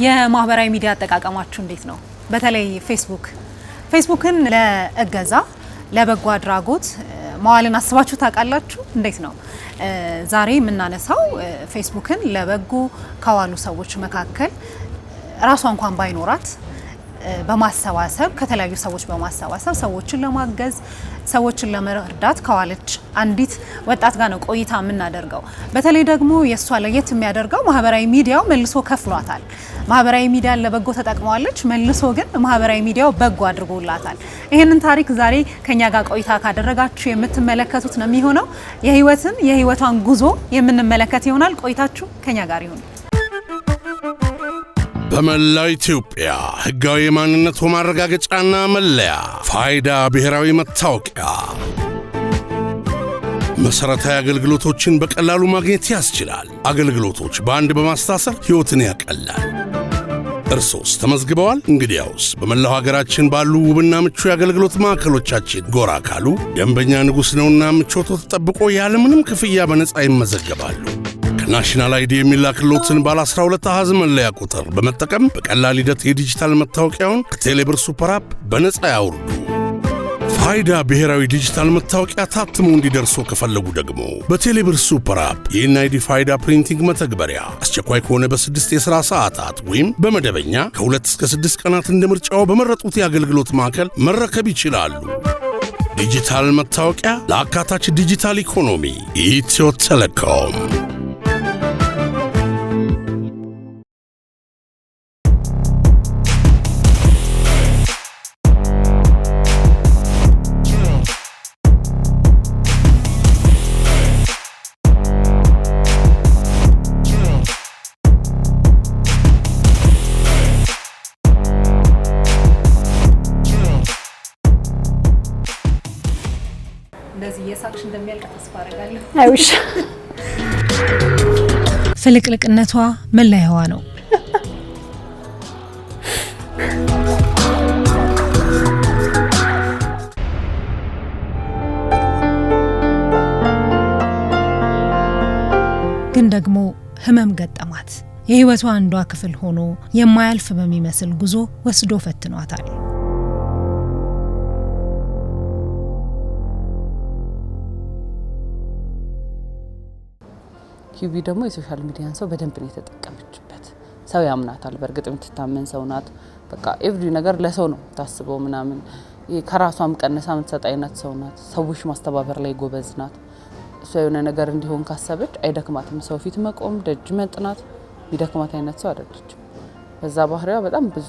የማህበራዊ ሚዲያ አጠቃቀማችሁ እንዴት ነው? በተለይ ፌስቡክ ፌስቡክን ለእገዛ ለበጎ አድራጎት መዋልን አስባችሁ ታውቃላችሁ? እንዴት ነው? ዛሬ የምናነሳው ፌስቡክን ለበጎ ከዋሉ ሰዎች መካከል ራሷ እንኳን ባይኖራት በማሰባሰብ ከተለያዩ ሰዎች በማሰባሰብ ሰዎችን ለማገዝ ሰዎችን ለመርዳት ከዋለች አንዲት ወጣት ጋር ነው ቆይታ የምናደርገው። በተለይ ደግሞ የእሷ ለየት የሚያደርገው ማህበራዊ ሚዲያው መልሶ ከፍሏታል። ማህበራዊ ሚዲያን ለበጎ ተጠቅመዋለች፣ መልሶ ግን ማህበራዊ ሚዲያው በጎ አድርጎላታል። ይህንን ታሪክ ዛሬ ከኛ ጋር ቆይታ ካደረጋችሁ የምትመለከቱት ነው የሚሆነው። የህይወትን የህይወቷን ጉዞ የምንመለከት ይሆናል። ቆይታችሁ ከኛ ጋር ይሁን። በመላው ኢትዮጵያ ሕጋዊ የማንነቱ ማረጋገጫና መለያ ፋይዳ ብሔራዊ መታወቂያ መሠረታዊ አገልግሎቶችን በቀላሉ ማግኘት ያስችላል። አገልግሎቶች በአንድ በማስታሰር ሕይወትን ያቀላል። እርሶስ ተመዝግበዋል? እንግዲያውስ በመላው ሀገራችን ባሉ ውብና ምቹ የአገልግሎት ማዕከሎቻችን ጎራ ካሉ ደንበኛ ንጉሥ ነውና ምቾቶ ተጠብቆ ያለምንም ክፍያ በነፃ ይመዘገባሉ። ናሽናል አይዲ የሚላክሎትን ባለ 12 አሃዝ መለያ ቁጥር በመጠቀም በቀላል ሂደት የዲጂታል መታወቂያውን ከቴሌብር ሱፐር አፕ በነፃ ያውርዱ። ፋይዳ ብሔራዊ ዲጂታል መታወቂያ ታትሞ እንዲደርሶ ከፈለጉ ደግሞ በቴሌብር ሱፐር አፕ ይህን አይዲ ፋይዳ ፕሪንቲንግ መተግበሪያ አስቸኳይ ከሆነ በስድስት የሥራ ሰዓታት ወይም በመደበኛ ከሁለት እስከ ስድስት ቀናት እንደ ምርጫው በመረጡት የአገልግሎት ማዕከል መረከብ ይችላሉ። ዲጂታል መታወቂያ ለአካታች ዲጂታል ኢኮኖሚ ኢትዮ ቴሌኮም አይውሽ ፍልቅልቅነቷ መለያዋ ነው። ግን ደግሞ ህመም ገጠማት። የህይወቷ አንዷ ክፍል ሆኖ የማያልፍ በሚመስል ጉዞ ወስዶ ፈትኗታል። ኪዩቢ ደግሞ የሶሻል ሚዲያን ሰው በደንብ ነው የተጠቀመችበት። ሰው ያምናታል። በእርግጥ የምትታመን ሰው ናት። በቃ ኤቭሪ ነገር ለሰው ነው ታስበው ምናምን ከራሷም ቀነሳ የምትሰጥ አይነት ሰው ናት። ሰዎች ማስተባበር ላይ ጎበዝ ናት። እሷ የሆነ ነገር እንዲሆን ካሰበች አይደክማትም። ሰው ፊት መቆም፣ ደጅ መጥናት የሚደክማት አይነት ሰው አይደለችም። በዛ ባህሪዋ በጣም ብዙ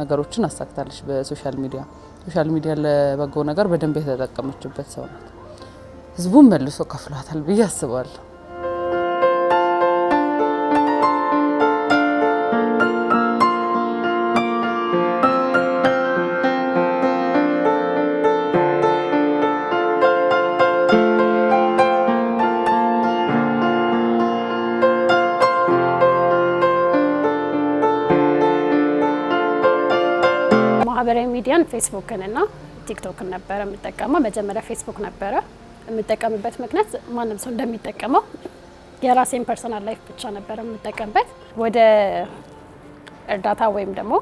ነገሮችን አሳክታለች በሶሻል ሚዲያ። ሶሻል ሚዲያ ለበጎ ነገር በደንብ የተጠቀመችበት ሰው ናት። ህዝቡን መልሶ ከፍሏታል ብዬ አስባለሁ። ሚዲያን ፌስቡክን እና ቲክቶክን ነበረ የምጠቀመው። መጀመሪያ ፌስቡክ ነበረ የምጠቀምበት ምክንያት ማንም ሰው እንደሚጠቀመው የራሴን ፐርሰናል ላይፍ ብቻ ነበረ የምጠቀምበት። ወደ እርዳታ ወይም ደግሞ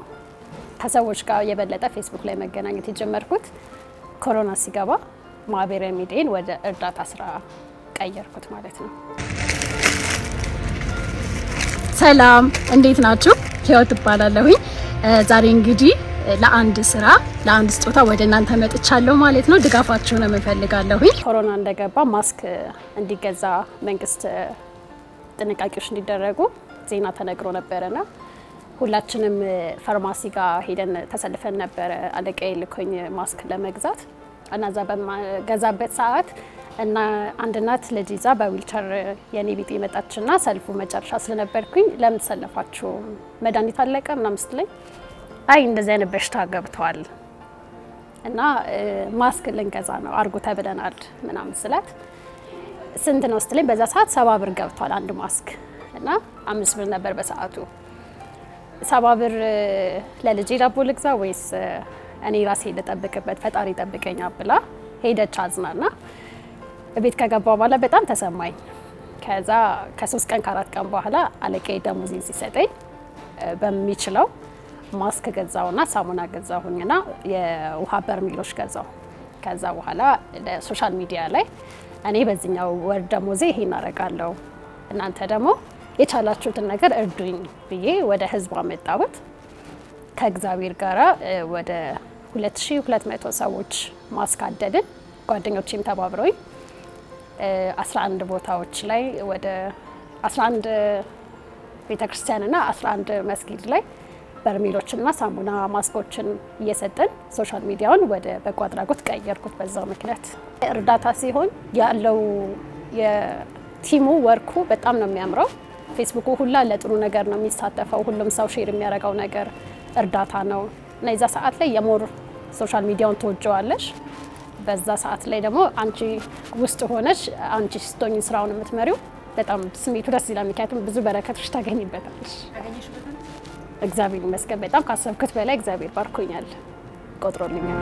ከሰዎች ጋር የበለጠ ፌስቡክ ላይ መገናኘት የጀመርኩት ኮሮና ሲገባ ማህበራዊ ሚዲያን ወደ እርዳታ ስራ ቀየርኩት ማለት ነው። ሰላም፣ እንዴት ናችሁ? ህይወት እባላለሁኝ። ዛሬ እንግዲህ ለአንድ ስራ ለአንድ ስጦታ ወደ እናንተ መጥቻለሁ ማለት ነው። ድጋፋችሁን እፈልጋለሁ። ኮሮና እንደገባ ማስክ እንዲገዛ መንግስት ጥንቃቄዎች እንዲደረጉ ዜና ተነግሮ ነበረና ሁላችንም ፋርማሲ ጋር ሄደን ተሰልፈን ነበረ። አለቃዬ ልኮኝ ማስክ ለመግዛት እና እዛ በምገዛበት ሰዓት እና አንድ እናት ልጅ ይዛ በዊልቸር የኔ ቤት የመጣችና ሰልፉ መጨረሻ ስለነበርኩኝ ለምን ተሰለፋችሁ መድኃኒት አለቀ ምናምን ስትለኝ ቀጣይ እንደዚህ አይነት በሽታ ገብተዋል እና ማስክ ልንገዛ ነው አርጉ ተብለናል ምናምን ስላት ስንት ነው ስትለኝ በዛ ሰዓት ሰባ ብር ገብቷል አንድ ማስክ እና አምስት ብር ነበር በሰዓቱ። ሰባ ብር ለልጄ ዳቦ ልግዛ ወይስ እኔ ራሴ ልጠብቅበት ፈጣሪ ጠብቀኛ ብላ ሄደች አዝናና። ቤት ከገባ በኋላ በጣም ተሰማኝ። ከዛ ከሶስት ቀን ከአራት ቀን በኋላ አለቀ ደሞዜን ሲሰጠኝ በሚችለው ማስክ ገዛውና ሳሙና ገዛሁኝና የውሃ በርሜሎች ገዛው። ከዛ በኋላ ለሶሻል ሚዲያ ላይ እኔ በዚህኛው ወር ደሞዜ ይሄን አረጋለሁ እናንተ ደግሞ የቻላችሁትን ነገር እርዱኝ ብዬ ወደ ህዝቡ አመጣሁት። ከእግዚአብሔር ጋር ወደ 2200 ሰዎች ማስክ አደልን ጓደኞቼም ተባብረውኝ 11 ቦታዎች ላይ ወደ 11 ቤተክርስቲያንና 11 መስጊድ ላይ በርሜሎችና ሳሙና ማስኮችን እየሰጠን ሶሻል ሚዲያውን ወደ በጎ አድራጎት ቀየርኩት። በዛው ምክንያት እርዳታ ሲሆን ያለው የቲሙ ወርኩ በጣም ነው የሚያምረው። ፌስቡኩ ሁላ ለጥሩ ነገር ነው የሚሳተፈው። ሁሉም ሰው ሼር የሚያደርገው ነገር እርዳታ ነው እና የዛ ሰዓት ላይ የሞር ሶሻል ሚዲያውን ትወጀዋለሽ። በዛ ሰዓት ላይ ደግሞ አንቺ ውስጥ ሆነች አንቺ ስቶኝ ስራውን የምትመሪው በጣም ስሜቱ ደስ ይላል። ምክንያቱም ብዙ በረከቶች ታገኝበታለሽ። እግዚአብሔር ይመስገን በጣም ካሰብኩት በላይ እግዚአብሔር ባርኮኛል፣ ቆጥሮልኛል።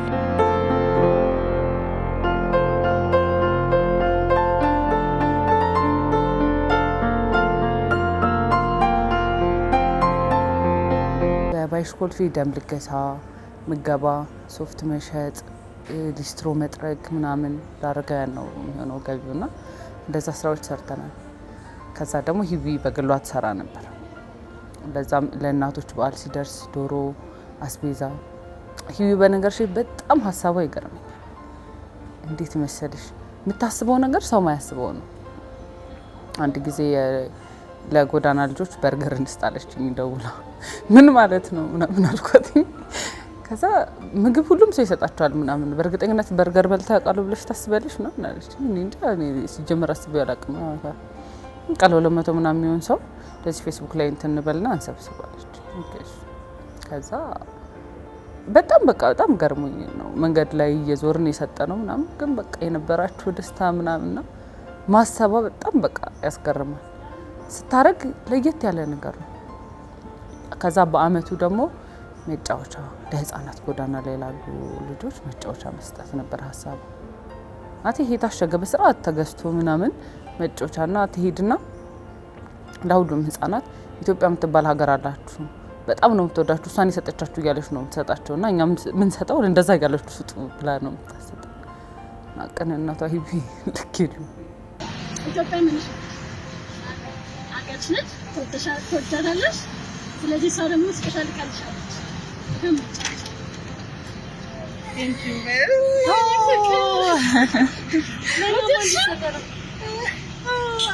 በባይስኮል ደም ልገሳ፣ ምገባ፣ ሶፍት መሸጥ፣ ሊስትሮ መጥረግ ምናምን ለአረጋውያን ነው የሚሆነው ገቢውና እንደዛ ስራዎች ሰርተናል። ከዛ ደግሞ ሂዊ በግሏ ትሰራ ነበር ለዛም ለእናቶች በዓል ሲደርስ ዶሮ አስቤዛ ሂዊ በነገር ሽ በጣም ሀሳቧ ይገርመኛል። እንዴት መሰልሽ የምታስበው ነገር ሰው ማያስበው ነው። አንድ ጊዜ ለጎዳና ልጆች በርገር እንስጣለች ደውላ ምን ማለት ነው ምናምን አልኳት። ከዛ ምግብ ሁሉም ሰው ይሰጣቸዋል ምናምን በእርግጠኝነት በርገር በልታ ያውቃሉ ብለሽ ታስበለሽ ምናምን አለች። ሲጀመር አስቤ አላቅም ቃል ሁለት መቶ ምናምን የሚሆን ሰው እንደዚህ ፌስቡክ ላይ እንትን እንበልና እንሰብስባለች። ከዛ በጣም በቃ በጣም ገርሞኝ ነው መንገድ ላይ እየዞርን የሰጠ ነው ምናምን፣ ግን በቃ የነበራችሁ ደስታ ምናምንና ማሰባ በጣም በቃ ያስገርማል። ስታደርግ ለየት ያለ ነገር ነው። ከዛ በአመቱ ደግሞ መጫወቻ ለህፃናት ጎዳና ላይ ላሉ ልጆች መጫወቻ መስጠት ነበር ሀሳቡ። አቴ ይሄ የታሸገ በስርዓት ተገዝቶ ምናምን መጫወቻና ትሄድና ለሁሉም ህጻናት ኢትዮጵያ የምትባል ሀገር አላችሁ በጣም ነው የምትወዳችሁ እሷን የሰጠቻችሁ እያለች ነው የምትሰጣቸው እና እኛ ምንሰጠው እንደዛ እያለችሁ ስጡ ብላ ነው የምታሰጠ ቅንነቷ ሂቢ ልክ የለም። ኢትዮጵያ ምንሽ አገርሽ ነች፣ ትወዳታለሽ። ስለዚህ ሰው ደግሞ ስፔሻል ቀልሻለች።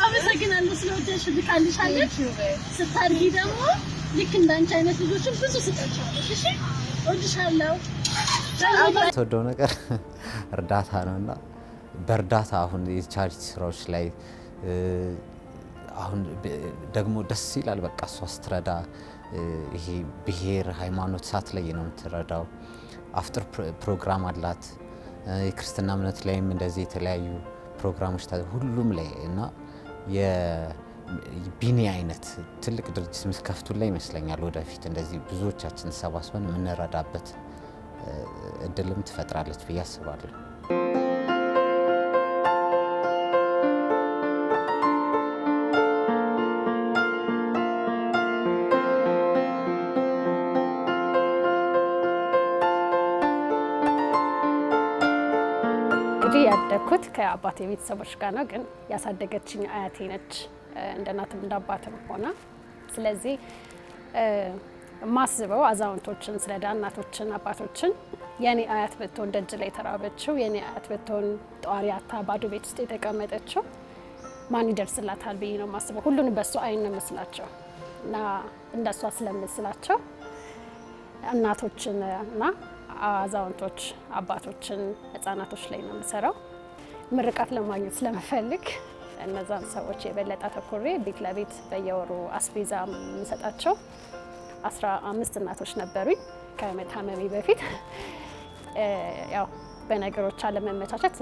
አመሰግናለሁ ስለወደሽ ልቃልሻለች። ስታድጊ ደግሞ ልክ እንዳንቺ አይነት ልጆችን ብዙ ስጠቻለች። እሺ እወድሻለሁ። ተወደው ነገር እርዳታ ነው በእርዳታ አሁን የቻሪቲ ስራዎች ላይ አሁን ደግሞ ደስ ይላል። በቃ እሷ ስትረዳ ይሄ ብሔር ሃይማኖት ሳት ላይ ነው የምትረዳው። አፍጥር ፕሮግራም አላት የክርስትና እምነት ላይም እንደዚህ የተለያዩ ፕሮግራሞች ሁሉም ላይ እና የቢኒ አይነት ትልቅ ድርጅት ምስከፍቱን ይመስለኛል። ወደፊት እንደዚህ ብዙዎቻችን ሰባስበን የምንረዳበት እድልም ትፈጥራለች ብዬ አስባለሁ። ያደግኩት ከአባቴ ቤተሰቦች ጋር ነው፣ ግን ያሳደገችኝ አያቴ ነች እንደ እናትም እንደ አባትም ሆና። ስለዚህ ማስበው አዛውንቶችን ስለዳ እናቶችን፣ አባቶችን የኔ አያት ብትሆን ደጅ ላይ የተራበችው የኔ አያት ብትሆን ጠዋሪ አታ ባዶ ቤት ውስጥ የተቀመጠችው ማን ይደርስላታል ብዬ ነው ማስበው። ሁሉን በእሱ አይን ነው መስላቸው እና እንደሷ ስለምስላቸው እናቶችን እና አዛውንቶች አባቶችን ህጻናቶች ላይ ነው የምሰራው። ምርቃት ለማግኘት ስለምፈልግ እነዛን ሰዎች የበለጠ አተኩሬ ቤት ለቤት በየወሩ አስቤዛ የምሰጣቸው አስራ አምስት እናቶች ነበሩኝ ከመታመሜ በፊት ያው በነገሮች አለመመቻቸት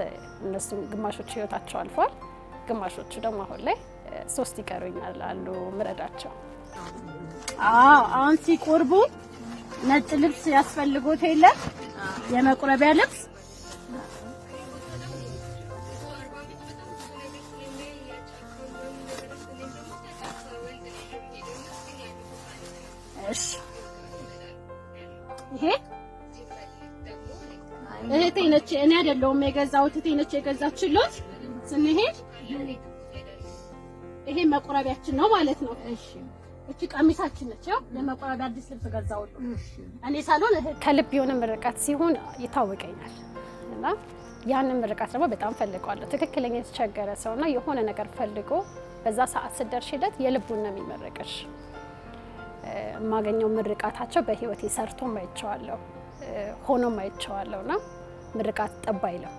እነሱ ግማሾቹ ህይወታቸው አልፏል። ግማሾቹ ደግሞ አሁን ላይ ሶስት ይቀሩኛል አሉ ምረዳቸው። አሁን ሲቆርቡ ነጭ ልብስ ያስፈልጎት የለ የመቁረቢያ ልብስ እሺ ይሄ እህቴ ነች፣ እኔ አይደለሁም የገዛሁት፣ እህቴ ነች የገዛችሎት። ስንሄድ ይሄ መቁረቢያችን ነው ማለት ነው። እሺ እቺ ቀሚሳችን ነች። ያው ለመቆረቢያ አዲስ ልብስ ገዛሁት እኔ ሳሎን ከልብ የሆነ ምርቃት ሲሆን ይታወቀኛል እና ያንን ምርቃት ደግሞ በጣም ፈልገዋለሁ። ትክክለኛ የተቸገረ ሰውና የሆነ ነገር ፈልጎ በዛ ሰዓት ስደርሽ ሂደት የልቡን ነው የሚመረቅሽ። የማገኘው ምርቃታቸው በህይወቴ ሰርቶ ማይቸዋለሁ ሆኖ ማይቸዋለሁ እና ምርቃት ጠባይ ነው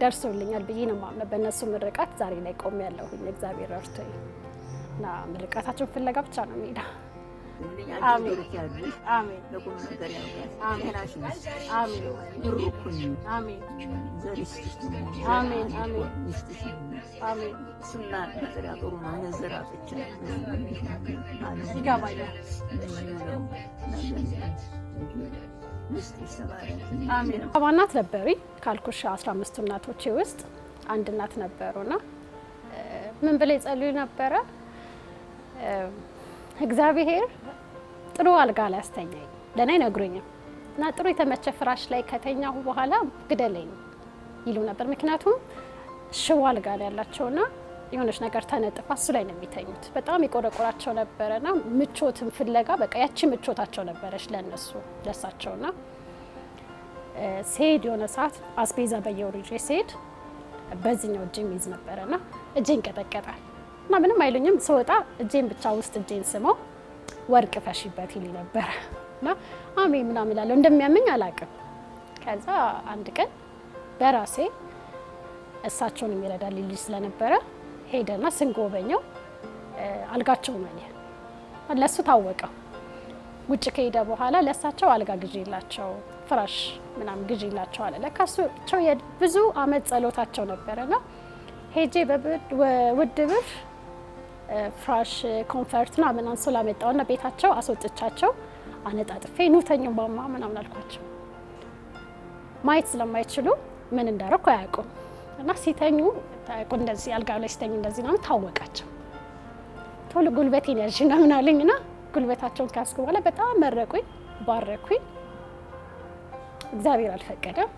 ደርሶልኛል ብዬ ነው ማምነው። በእነሱ ምርቃት ዛሬ ላይ ቆሜያለሁኝ እግዚአብሔር ረድቶኝ እና ምርቃታቸውን ፍለጋ ብቻ ነው ሜዳ ያድርግልኝ። አሜን አሜን። ለቁም ነገር ያውቃል። አሜን አሜን። አሜን። አሜን አባ እናት ነበሪ ካልኩሽ አስራ አምስቱ እናቶቼ ውስጥ አንድ እናት ነበሩና ምን ብለው ይጸልዩ ነበረ? እግዚአብሔር ጥሩ አልጋ ላይ አስተኛኝ። ለእኔ አይነግሩኝም እና ጥሩ የተመቸ ፍራሽ ላይ ከተኛሁ በኋላ ግደለኝ ይሉ ነበር። ምክንያቱም ሽው አልጋ ላይ ያላቸውና የሆነች ነገር ተነጥፋ እሱ ላይ ነው የሚተኙት። በጣም የቆረቆራቸው ነበረና ምቾትን ፍለጋ በቃ ያቺ ምቾታቸው ነበረች ለእነሱ ና ሲሄድ የሆነ ሰዓት አስቤዛ በየወሩ ይዤ ስሄድ በዚህኛው እጄ ነበረ ና እጄን ይንቀጠቀጣል እና ምንም አይሉኝም። ስወጣ እጄን ብቻ ውስጥ እጄን ስመው ወርቅ ፈሺበት ይል ነበረ እና አሜ ምናምን እላለሁ እንደሚያመኝ አላቅም። ከዛ አንድ ቀን በራሴ እሳቸውን የሚረዳ ልጅ ስለነበረ ሄደና ስንጎበኘው አልጋቸውን አየ። ለሱ ታወቀው። ውጭ ከሄደ በኋላ ለእሳቸው አልጋ ግዢላቸው፣ ፍራሽ ምናምን ግዢላቸው አለ። ለካ እሳቸው አመት ጸሎታቸው ነበረና ሄጄ በውድ ብር ፍራሽ ኮንፈርት ና ምናምን ስላመጣውና ቤታቸው አስወጥቻቸው አነጣጥፌ ኑተኙ ማማ ምናምን አልኳቸው። ማየት ስለማይችሉ ምን እንዳረኩ አያውቁም እና ሲተኙ ታውቁ እንደዚህ አልጋ ላይ ሲተኙ እንደዚህ ነው ታወቃቸው። ቶሎ ጉልበቴን ያዥ ና ምን አለኝ ና ጉልበታቸውን ካስኩ በኋላ በጣም መረቁኝ፣ ባረኩኝ። እግዚአብሔር አልፈቀደም።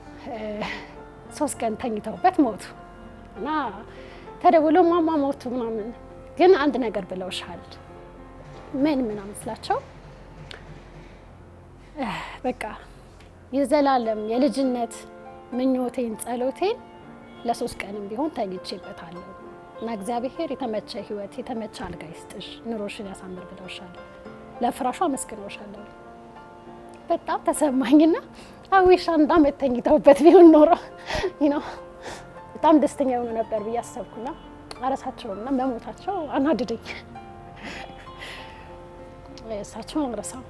ሶስት ቀን ተኝተውበት ሞቱ እና ተደውሎ ማማ ሞቱ ምናምን ግን አንድ ነገር ብለውሻል። ምን ምን አመስላቸው? በቃ የዘላለም የልጅነት ምኞቴን ጸሎቴን ለሶስት ቀንም ቢሆን ተኝቼበታለሁ እና እግዚአብሔር የተመቸ ህይወት የተመቸ አልጋ ይስጥሽ፣ ኑሮሽን ያሳምር ብለውሻል። ለፍራሹ አመስግኖሻለሁ። በጣም ተሰማኝና አዊሽ አንድ አመት ተኝተውበት ቢሆን ኖሮ ነው በጣም ደስተኛ የሆኑ ነበር ብዬ አሰብኩና አረሳቸውም እና መሞታቸው አናድደኝ እሳቸውን አልረሳም።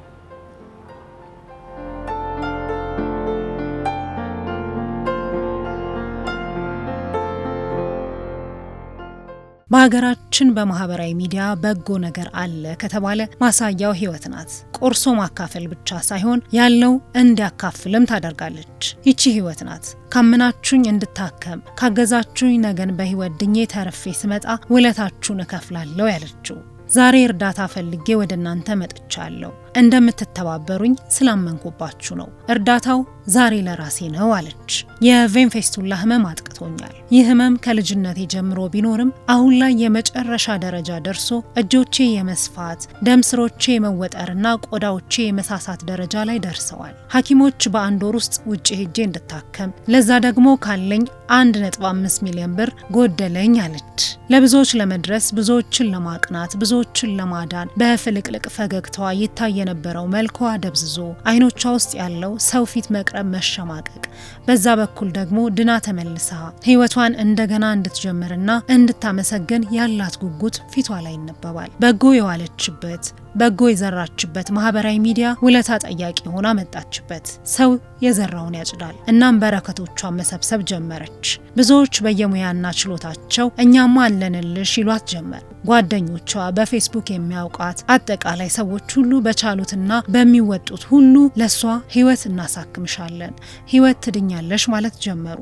በሀገራችን በማህበራዊ ሚዲያ በጎ ነገር አለ ከተባለ ማሳያው ህይወት ናት። ቆርሶ ማካፈል ብቻ ሳይሆን ያለው እንዲያካፍልም ታደርጋለች። ይቺ ህይወት ናት። ካመናችሁኝ እንድታከም ካገዛችሁኝ ነገን በህይወት ድኜ ተርፌ ስመጣ ውለታችሁን እከፍላለሁ ያለችው። ዛሬ እርዳታ ፈልጌ ወደ እናንተ መጥቻለሁ እንደምትተባበሩኝ ስላመንኩባችሁ ነው። እርዳታው ዛሬ ለራሴ ነው አለች። የቬን ፌስቱላ ህመም አጥቅቶኛል። ይህ ህመም ከልጅነቴ ጀምሮ ቢኖርም አሁን ላይ የመጨረሻ ደረጃ ደርሶ እጆቼ የመስፋት ደም ስሮቼ የመወጠርና ቆዳዎቼ የመሳሳት ደረጃ ላይ ደርሰዋል። ሐኪሞች በአንድ ወር ውስጥ ውጭ ሄጄ እንድታከም ለዛ ደግሞ ካለኝ 1.5 ሚሊዮን ብር ጎደለኝ አለች። ለብዙዎች ለመድረስ ብዙዎችን ለማቅናት ብዙዎችን ለማዳን በፍልቅልቅ ፈገግታዋ ይታያል። የነበረው መልኳ ደብዝዞ አይኖቿ ውስጥ ያለው ሰው ፊት መቅረብ መሸማቀቅ፣ በዛ በኩል ደግሞ ድና ተመልሳ ህይወቷን እንደገና እንድትጀምርና እንድታመሰግን ያላት ጉጉት ፊቷ ላይ ይነበባል። በጎ የዋለችበት በጎ የዘራችበት ማህበራዊ ሚዲያ ውለታ ጠያቂ ሆና መጣችበት። ሰው የዘራውን ያጭዳል። እናም በረከቶቿን መሰብሰብ ጀመረች። ብዙዎች በየሙያና ችሎታቸው እኛማ አለንልሽ ይሏት ጀመር። ጓደኞቿ፣ በፌስቡክ የሚያውቋት፣ አጠቃላይ ሰዎች ሁሉ በቻሉትና በሚወጡት ሁሉ ለእሷ ህይወት እናሳክምሻለን፣ ህይወት ትድኛለሽ ማለት ጀመሩ።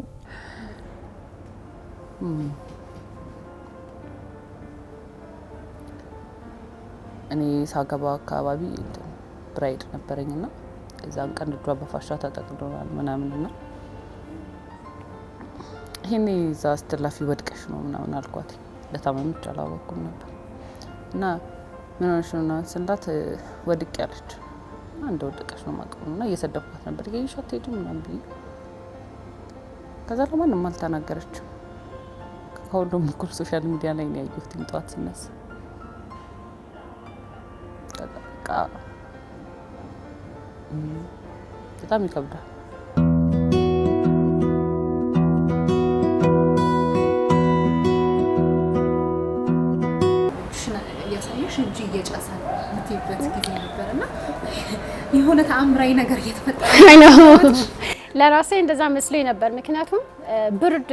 እኔ ሳገባ አካባቢ ብራይድ ነበረኝ ና እዛን ቀን ልጇ በፋሻ ተጠቅዶናል ምናምን ና ይህን እዛ አስተላፊ ወድቀሽ ነው ምናምን አልኳት። ለታመምች አላወኩም ነበር እና ምን ሆነሽ ነው ምናምን ስላት ወድቅ ያለች እንደ ወደቀች ነው ማቀሙ እና እየሰደብኳት ነበር ይሻ ትሄድ ምናምን ብዬ ከዛ ለማንም አልተናገረችም። ከሁሉም እኩል ሶሻል ሚዲያ ላይ ያየሁት ጠዋት ስነሳ በጣም ይከብዳል። የሆነ ተአምራዊ ነገር እየተፈጠረ ለራሴ እንደዛ መስሎኝ ነበር። ምክንያቱም ብርድ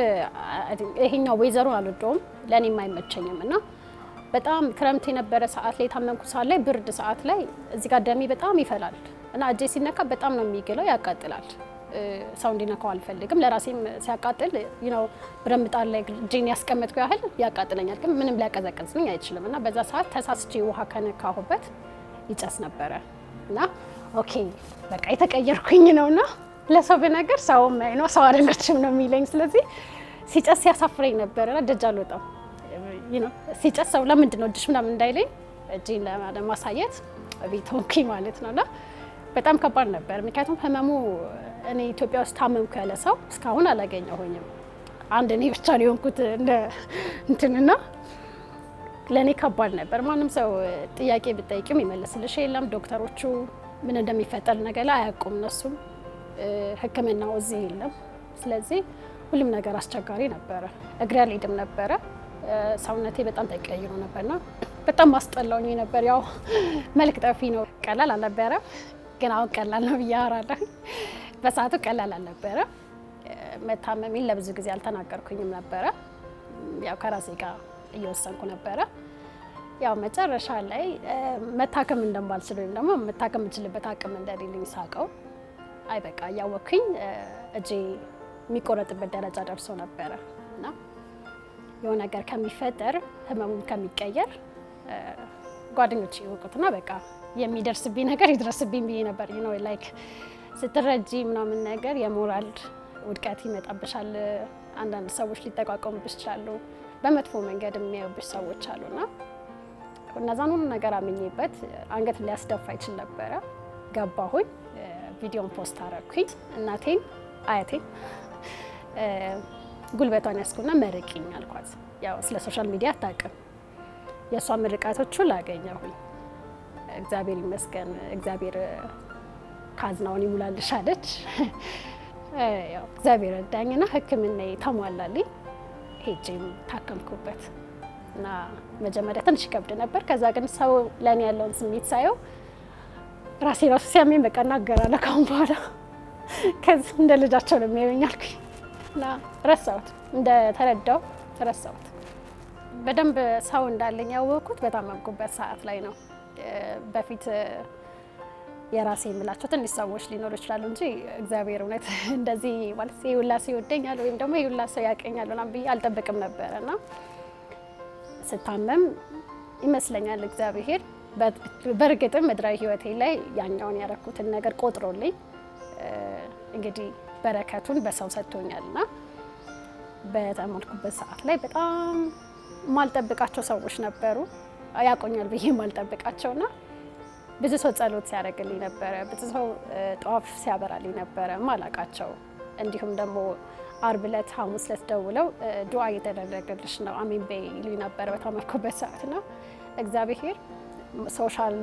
ይሄኛው ወይዘሩን አልወደውም፣ ለእኔም አይመቸኝም እና በጣም ክረምት የነበረ ሰዓት ላይ የታመምኩ ሰዓት ላይ ብርድ ሰዓት ላይ እዚህ ጋር ደሜ በጣም ይፈላል እና እጄ ሲነካ በጣም ነው የሚገለው፣ ያቃጥላል። ሰው እንዲነካው አልፈልግም። ለራሴም ሲያቃጥል ነው ብረምጣል ላይ እጄን ያስቀመጥኩ ያህል ያቃጥለኛል፣ ግን ምንም ሊያቀዘቅዝኝ አይችልም። እና በዛ ሰዓት ተሳስቼ ውሃ ከነካሁበት ይጨስ ነበረ እና ኦኬ በቃ የተቀየርኩኝ ነው ነውና ለሰው ብነገር ሰውም አይኗ ሰው አይደለችም ነው የሚለኝ። ስለዚህ ሲጨስ ሲያሳፍረኝ ነበረ። ደጃ አልወጣም ሲጨስ ሰው ለምንድን ነው እጅሽ ምናምን እንዳይለኝ እጅን ለማሳየት ቤት ሆንኩኝ ማለት ነው። እና በጣም ከባድ ነበር። ምክንያቱም ህመሙ እኔ ኢትዮጵያ ውስጥ ታመምኩ ያለ ሰው እስካሁን አላገኘሁኝም። አንድ እኔ ብቻ ነው የሆንኩት እንትንና ለእኔ ከባድ ነበር። ማንም ሰው ጥያቄ ብጠይቅም ይመለስልሽ የለም። ዶክተሮቹ ምን እንደሚፈጠር ነገር ላይ አያውቁም። እነሱም እዚህ የለም። ስለዚህ ሁሉም ነገር አስቸጋሪ ነበረ። እግሬ አልሄድም ነበረ። ሰውነቴ በጣም ተቀይሮ ነበርና በጣም ማስጠላውኝ ነበር። ያው መልክ ጠፊ ነው። ቀላል አልነበረም፣ ግን አሁን ቀላል ነው ብዬ አወራለሁ። በሰዓቱ ቀላል አልነበረም። መታመሜን ለብዙ ጊዜ አልተናገርኩኝም ነበረ። ያው ከራሴ ጋር እየወሰንኩ ነበረ። ያው መጨረሻ ላይ መታከም እንደማልችል ወይም ደግሞ መታከም የምችልበት አቅም እንደሌለኝ ሳቀው፣ አይበቃ በቃ እጄ የሚቆረጥበት ደረጃ ደርሶ ነበረ እና የሆነ ነገር ከሚፈጠር ህመሙ ከሚቀየር ጓደኞች ይወቁትና በቃ የሚደርስብኝ ነገር ይድረስብኝ ብዬ ነበር። ላይክ ስትረጂ ምናምን ነገር የሞራል ውድቀት ይመጣብሻል። አንዳንድ ሰዎች ሊጠቋቀሙብሽ ይችላሉ። በመጥፎ መንገድ የሚያዩብሽ ሰዎች አሉና እነዛን ሁሉ ነገር አምኜበት አንገት ሊያስደፋ ይችል ነበረ። ገባሁኝ፣ ቪዲዮን ፖስት አረኩኝ። እናቴን አያቴን ጉልበቷን ያስኩና መርቂኝ አልኳት። ያው ስለ ሶሻል ሚዲያ አታውቅም። የእሷ ምርቃቶቹ ላገኘሁኝ እግዚአብሔር ይመስገን፣ እግዚአብሔር ካዝናውን ይሙላልሽ አለች። ያው እግዚአብሔር ረዳኝና ሕክምና ተሟላልኝ። ሄጄም ታከምኩበት እና መጀመሪያ ትንሽ ይከብድ ነበር። ከዛ ግን ሰው ለእኔ ያለውን ስሜት ሳየው ራሴ ራሱ ሲያሜን በቃ እናገራለሁ ካሁን በኋላ ከዚህ እንደ ልጃቸው ነው የሚያዩኝ አልኩኝ። እና ረሳሁት፣ እንደተረዳው ረሳሁት። በደንብ ሰው እንዳለኝ ያወቅኩት በጣም ያብቁበት ሰዓት ላይ ነው። በፊት የራሴ የምላቸው ትንሽ ሰዎች ሊኖሩ ይችላሉ እንጂ እግዚአብሔር እውነት እንደዚህ ማለት ይውላ ሰው ይወደኛል ወይም ደግሞ ይውላ ሰው ያቀኛል ና ብዬ አልጠብቅም ነበረ እና ስታመም ይመስለኛል እግዚአብሔር በእርግጥም ምድራዊ ህይወቴ ላይ ያኛውን ያረኩትን ነገር ቆጥሮልኝ እንግዲህ በረከቱን በሰው ሰጥቶኛልና በተመልኩበት ሰዓት ላይ በጣም ማልጠብቃቸው ሰዎች ነበሩ ያቆኛል ብዬ ማልጠብቃቸውና ብዙ ሰው ጸሎት ሲያደርግልኝ ነበረ። ብዙ ሰው ጠዋፍ ሲያበራልኝ ነበረ ማላቃቸው። እንዲሁም ደግሞ አርብ ዕለት ሐሙስ ዕለት ደውለው ዱዓ እየተደረገልሽ ነው አሜን በይ ይሉኝ ነበረ በተመልኩበት ሰዓት ነው። እግዚአብሔር ሶሻል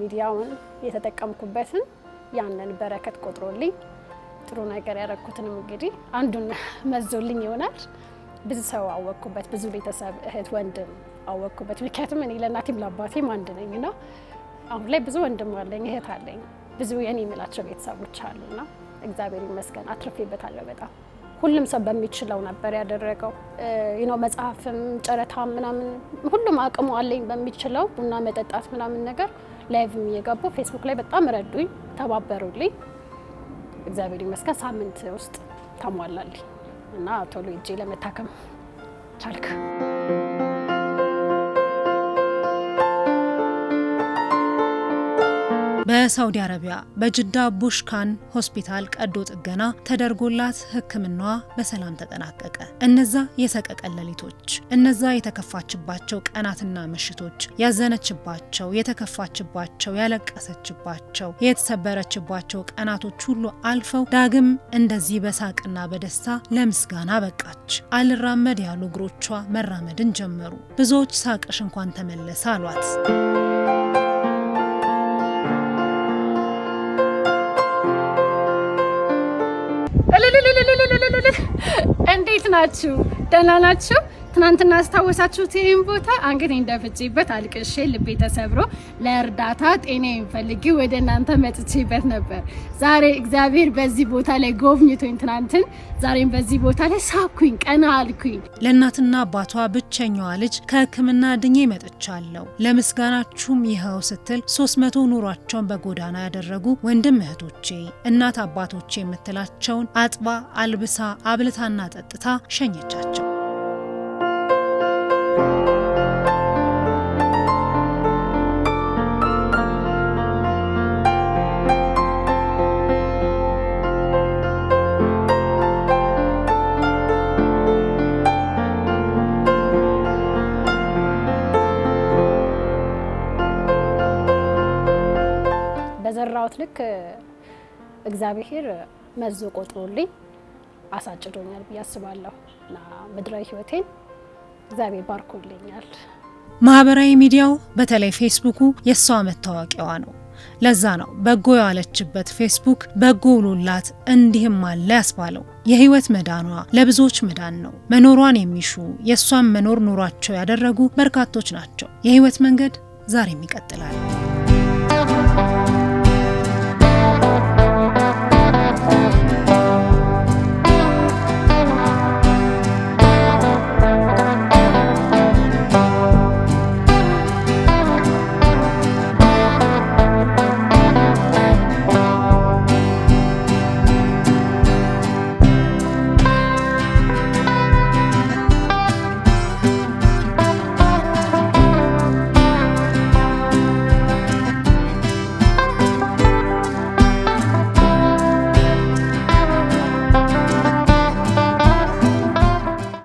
ሚዲያውን የተጠቀምኩበትን ያንን በረከት ቆጥሮልኝ ጥሩ ነገር ያደረኩትንም እንግዲህ አንዱን መዞልኝ ይሆናል። ብዙ ሰው አወቅኩበት፣ ብዙ ቤተሰብ እህት ወንድም አወቅኩበት። ምክንያቱም እኔ ለእናቴም ለአባቴም አንድ ነኝ እና አሁን ላይ ብዙ ወንድም አለኝ እህት አለኝ ብዙ የኔ የሚላቸው ቤተሰቦች አሉና እግዚአብሔር ይመስገን አትርፌበታለሁ በጣም ሁሉም ሰው በሚችለው ነበር ያደረገው። ዩኖ መጽሐፍም ጨረታ ምናምን ሁሉም አቅሙ አለኝ በሚችለው ቡና መጠጣት ምናምን ነገር ላይቭም እየገቡ ፌስቡክ ላይ በጣም ረዱኝ፣ ተባበሩልኝ። እግዚአብሔር ይመስገን ሳምንት ውስጥ ተሟላልኝ እና ቶሎ ሄጄ ለመታከም ቻልክ። በሳውዲ አረቢያ በጅዳ ቡሽካን ሆስፒታል ቀዶ ጥገና ተደርጎላት ሕክምናዋ በሰላም ተጠናቀቀ። እነዛ የሰቀቀን ሌሊቶች፣ እነዛ የተከፋችባቸው ቀናትና ምሽቶች፣ ያዘነችባቸው፣ የተከፋችባቸው፣ ያለቀሰችባቸው፣ የተሰበረችባቸው ቀናቶች ሁሉ አልፈው ዳግም እንደዚህ በሳቅና በደስታ ለምስጋና በቃች። አልራመድ ያሉ እግሮቿ መራመድን ጀመሩ። ብዙዎች ሳቅሽ እንኳን ተመለሰ አሏት። እንዴት ናችሁ? ደህና ናችሁ? ትናንትና አስታወሳችሁት? ይህን ቦታ አንገቴን ደፍቼበት አልቅሼ ልቤ ተሰብሮ ለእርዳታ ጤና ፈልጌ ወደ እናንተ መጥቼበት ነበር። ዛሬ እግዚአብሔር በዚህ ቦታ ላይ ጎብኝቶኝ ትናንትን ዛሬም በዚህ ቦታ ላይ ሳኩኝ፣ ቀና አልኩኝ። ለእናትና አባቷ ብቸኛዋ ልጅ ከሕክምና ድኜ መጥቻለሁ፣ ለምስጋናችሁም ይኸው ስትል 300 ኑሯቸውን በጎዳና ያደረጉ ወንድም እህቶቼ፣ እናት አባቶቼ የምትላቸውን አጥባ አልብሳ አብልታና ጠጥታ ሸኘቻቸው። ልክ እግዚአብሔር መዞ ቆጥሮልኝ አሳጭዶኛል ብዬ አስባለሁ እና ምድራዊ ህይወቴን እግዚአብሔር ባርኮልኛል። ማህበራዊ ሚዲያው በተለይ ፌስቡኩ የእሷ መታወቂያዋ ነው። ለዛ ነው በጎ የዋለችበት ፌስቡክ በጎ ውሎላት እንዲህም አለ ያስባለው። የህይወት መዳኗ ለብዙዎች መዳን ነው። መኖሯን የሚሹ የእሷን መኖር ኑሯቸው ያደረጉ በርካቶች ናቸው። የህይወት መንገድ ዛሬም ይቀጥላል።